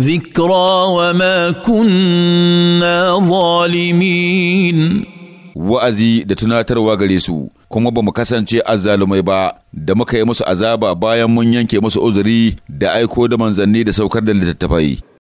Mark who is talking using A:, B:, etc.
A: ذكرى وما كنا wa'azi da tunatarwa gare su kuma ba mu kasance azzalumai ba da muka yi musu azaba bayan mun yanke musu uzuri da aiko da manzanni da saukar da littattafai